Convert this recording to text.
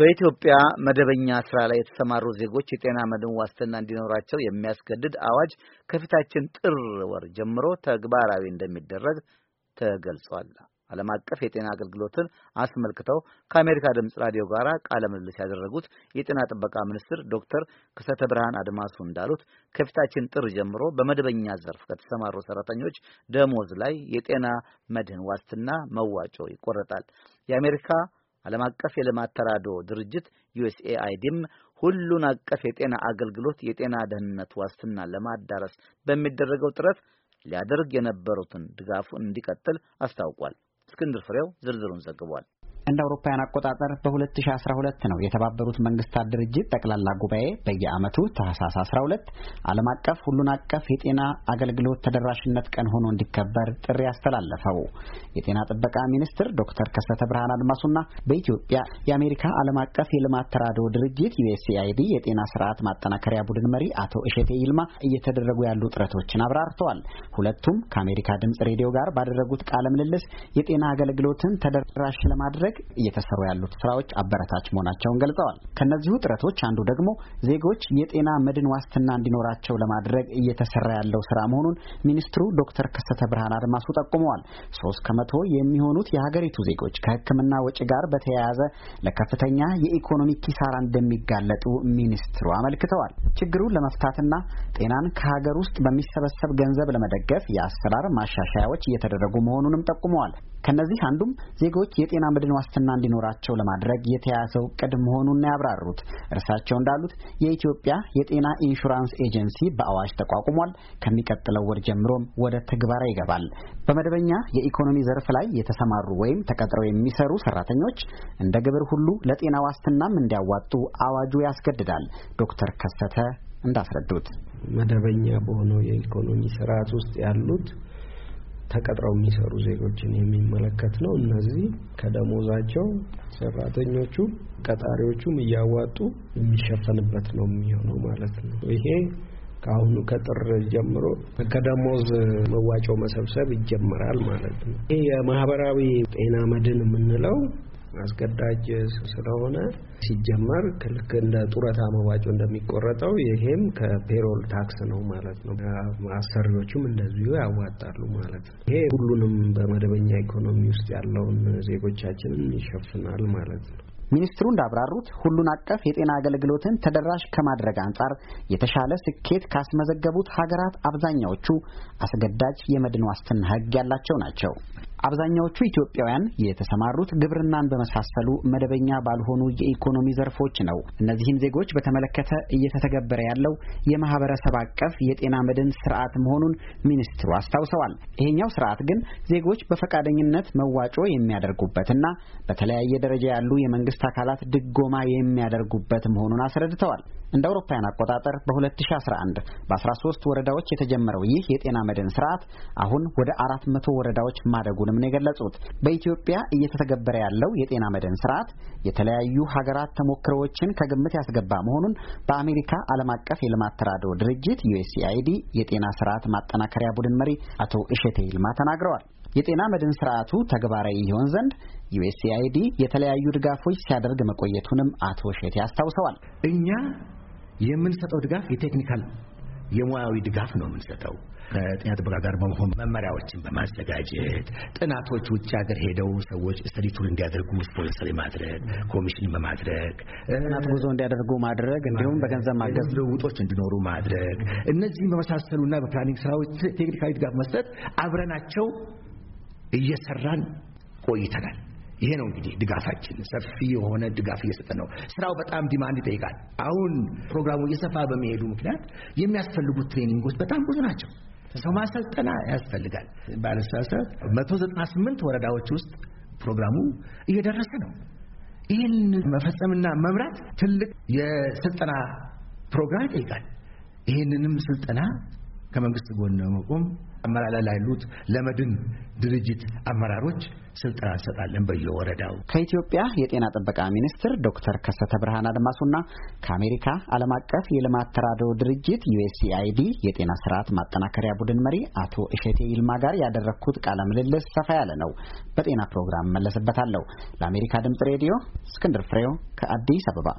በኢትዮጵያ መደበኛ ስራ ላይ የተሰማሩ ዜጎች የጤና መድን ዋስትና እንዲኖራቸው የሚያስገድድ አዋጅ ከፊታችን ጥር ወር ጀምሮ ተግባራዊ እንደሚደረግ ተገልጿል። ዓለም አቀፍ የጤና አገልግሎትን አስመልክተው ከአሜሪካ ድምፅ ራዲዮ ጋር ቃለ ምልልስ ያደረጉት የጤና ጥበቃ ሚኒስትር ዶክተር ክሰተ ብርሃን አድማሱ እንዳሉት ከፊታችን ጥር ጀምሮ በመደበኛ ዘርፍ ከተሰማሩ ሰራተኞች ደሞዝ ላይ የጤና መድህን ዋስትና መዋጮ ይቆረጣል። የአሜሪካ ዓለም አቀፍ የልማት ተራድኦ ድርጅት ዩኤስኤአይዲም ሁሉን አቀፍ የጤና አገልግሎት የጤና ደህንነት ዋስትና ለማዳረስ በሚደረገው ጥረት ሊያደርግ የነበሩትን ድጋፍ እንዲቀጥል አስታውቋል። እስክንድር ፍሬው ዝርዝሩን ዘግቧል። እንደ አውሮፓውያን አቆጣጠር በ2012 ነው የተባበሩት መንግስታት ድርጅት ጠቅላላ ጉባኤ በየዓመቱ ታህሳስ 12 ዓለም አቀፍ ሁሉን አቀፍ የጤና አገልግሎት ተደራሽነት ቀን ሆኖ እንዲከበር ጥሪ አስተላለፈው። የጤና ጥበቃ ሚኒስትር ዶክተር ከሰተ ብርሃን አድማሱና በኢትዮጵያ የአሜሪካ ዓለም አቀፍ የልማት ተራድኦ ድርጅት ዩኤስኤአይዲ የጤና ስርዓት ማጠናከሪያ ቡድን መሪ አቶ እሸቴ ይልማ እየተደረጉ ያሉ ጥረቶችን አብራርተዋል። ሁለቱም ከአሜሪካ ድምጽ ሬዲዮ ጋር ባደረጉት ቃለ ምልልስ የጤና አገልግሎትን ተደራሽ ለማድረግ ለማድረግ እየተሰሩ ያሉት ስራዎች አበረታች መሆናቸውን ገልጸዋል። ከነዚሁ ጥረቶች አንዱ ደግሞ ዜጎች የጤና መድን ዋስትና እንዲኖራቸው ለማድረግ እየተሰራ ያለው ስራ መሆኑን ሚኒስትሩ ዶክተር ከሰተ ብርሃን አድማሱ ጠቁመዋል። ሶስት ከመቶ የሚሆኑት የሀገሪቱ ዜጎች ከሕክምና ወጪ ጋር በተያያዘ ለከፍተኛ የኢኮኖሚ ኪሳራ እንደሚጋለጡ ሚኒስትሩ አመልክተዋል። ችግሩን ለመፍታትና ጤናን ከሀገር ውስጥ በሚሰበሰብ ገንዘብ ለመደገፍ የአሰራር ማሻሻያዎች እየተደረጉ መሆኑንም ጠቁመዋል። ከእነዚህ አንዱም ዜጎች የጤና መድን ዋስትና እንዲኖራቸው ለማድረግ የተያዘው እቅድ መሆኑን ያብራሩት እርሳቸው እንዳሉት የኢትዮጵያ የጤና ኢንሹራንስ ኤጀንሲ በአዋጅ ተቋቁሟል። ከሚቀጥለው ወር ጀምሮም ወደ ትግበራ ይገባል። በመደበኛ የኢኮኖሚ ዘርፍ ላይ የተሰማሩ ወይም ተቀጥረው የሚሰሩ ሰራተኞች እንደ ግብር ሁሉ ለጤና ዋስትናም እንዲያዋጡ አዋጁ ያስገድዳል። ዶክተር ከሰተ እንዳስረዱት መደበኛ በሆነው የኢኮኖሚ ስርዓት ውስጥ ያሉት ተቀጥረው የሚሰሩ ዜጎችን የሚመለከት ነው። እነዚህ ከደሞዛቸው ሰራተኞቹ ቀጣሪዎቹም እያዋጡ የሚሸፈንበት ነው የሚሆነው ማለት ነው። ይሄ ከአሁኑ ከጥር ጀምሮ ከደሞዝ መዋጮ መሰብሰብ ይጀምራል ማለት ነው። ይህ የማህበራዊ ጤና መድን የምንለው አስገዳጅ ስለሆነ ሲጀመር ልክ እንደ ጡረታ መዋጮ እንደሚቆረጠው ይሄም ከፔሮል ታክስ ነው ማለት ነው። አሰሪዎቹም እንደዚሁ ያዋጣሉ ማለት ነው። ይሄ ሁሉንም በመደበኛ ኢኮኖሚ ውስጥ ያለውን ዜጎቻችንን ይሸፍናል ማለት ነው። ሚኒስትሩ እንዳብራሩት ሁሉን አቀፍ የጤና አገልግሎትን ተደራሽ ከማድረግ አንጻር የተሻለ ስኬት ካስመዘገቡት ሀገራት አብዛኛዎቹ አስገዳጅ የመድን ዋስትና ሕግ ያላቸው ናቸው። አብዛኛዎቹ ኢትዮጵያውያን የተሰማሩት ግብርናን በመሳሰሉ መደበኛ ባልሆኑ የኢኮኖሚ ዘርፎች ነው። እነዚህን ዜጎች በተመለከተ እየተተገበረ ያለው የማህበረሰብ አቀፍ የጤና መድን ስርዓት መሆኑን ሚኒስትሩ አስታውሰዋል። ይሄኛው ስርዓት ግን ዜጎች በፈቃደኝነት መዋጮ የሚያደርጉበትና በተለያየ ደረጃ ያሉ የመንግስት አካላት ድጎማ የሚያደርጉበት መሆኑን አስረድተዋል። እንደ አውሮፓውያን አቆጣጠር በ2011 በ13 ወረዳዎች የተጀመረው ይህ የጤና መድን ስርዓት አሁን ወደ አራት መቶ ወረዳዎች ማደጉን መሆኑንም ነው የገለጹት። በኢትዮጵያ እየተተገበረ ያለው የጤና መድን ስርዓት የተለያዩ ሀገራት ተሞክሮዎችን ከግምት ያስገባ መሆኑን በአሜሪካ ዓለም አቀፍ የልማት ተራድኦ ድርጅት ዩኤስኤአይዲ የጤና ስርዓት ማጠናከሪያ ቡድን መሪ አቶ እሸቴ ይልማ ተናግረዋል። የጤና መድን ስርዓቱ ተግባራዊ ይሆን ዘንድ ዩኤስኤአይዲ የተለያዩ ድጋፎች ሲያደርግ መቆየቱንም አቶ እሸቴ አስታውሰዋል። እኛ የምንሰጠው ድጋፍ የቴክኒካል የሙያዊ ድጋፍ ነው የምንሰጠው። ከጤና ጥበቃ ጋር በመሆን መመሪያዎችን በማዘጋጀት ጥናቶች ውጭ ሀገር ሄደው ሰዎች ስተዲቱን እንዲያደርጉ ስፖንሰር ማድረግ፣ ኮሚሽን በማድረግ ጥናት ጉዞ እንዲያደርጉ ማድረግ፣ እንዲሁም በገንዘብ ማገዝ፣ ልውውጦች እንዲኖሩ ማድረግ እነዚህ በመሳሰሉና በፕላኒንግ ስራዎች ቴክኒካዊ ድጋፍ መስጠት አብረናቸው እየሰራን ቆይተናል። ይሄ ነው እንግዲህ ድጋፋችን፣ ሰፊ የሆነ ድጋፍ እየሰጠ ነው። ስራው በጣም ዲማንድ ይጠይቃል። አሁን ፕሮግራሙ እየሰፋ በመሄዱ ምክንያት የሚያስፈልጉት ትሬኒንጎች በጣም ብዙ ናቸው። ሰው ማሰልጠና ያስፈልጋል። ዘጠና ስምንት ወረዳዎች ውስጥ ፕሮግራሙ እየደረሰ ነው። ይህን መፈጸምና መምራት ትልቅ የስልጠና ፕሮግራም ይጠይቃል። ይህንንም ስልጠና ከመንግስት ጎን መቆም አመራር ላይ ላሉት ለመድን ድርጅት አመራሮች ስልጠና እንሰጣለን በየወረዳው። ከኢትዮጵያ የጤና ጥበቃ ሚኒስትር ዶክተር ከሰተ ብርሃን አድማሱና ከአሜሪካ ዓለም አቀፍ የልማት ተራድኦ ድርጅት ዩኤስኤአይዲ የጤና ስርዓት ማጠናከሪያ ቡድን መሪ አቶ እሸቴ ይልማ ጋር ያደረግኩት ቃለ ምልልስ ሰፋ ያለ ነው። በጤና ፕሮግራም መለስበታለሁ። ለአሜሪካ ድምጽ ሬዲዮ እስክንድር ፍሬው ከአዲስ አበባ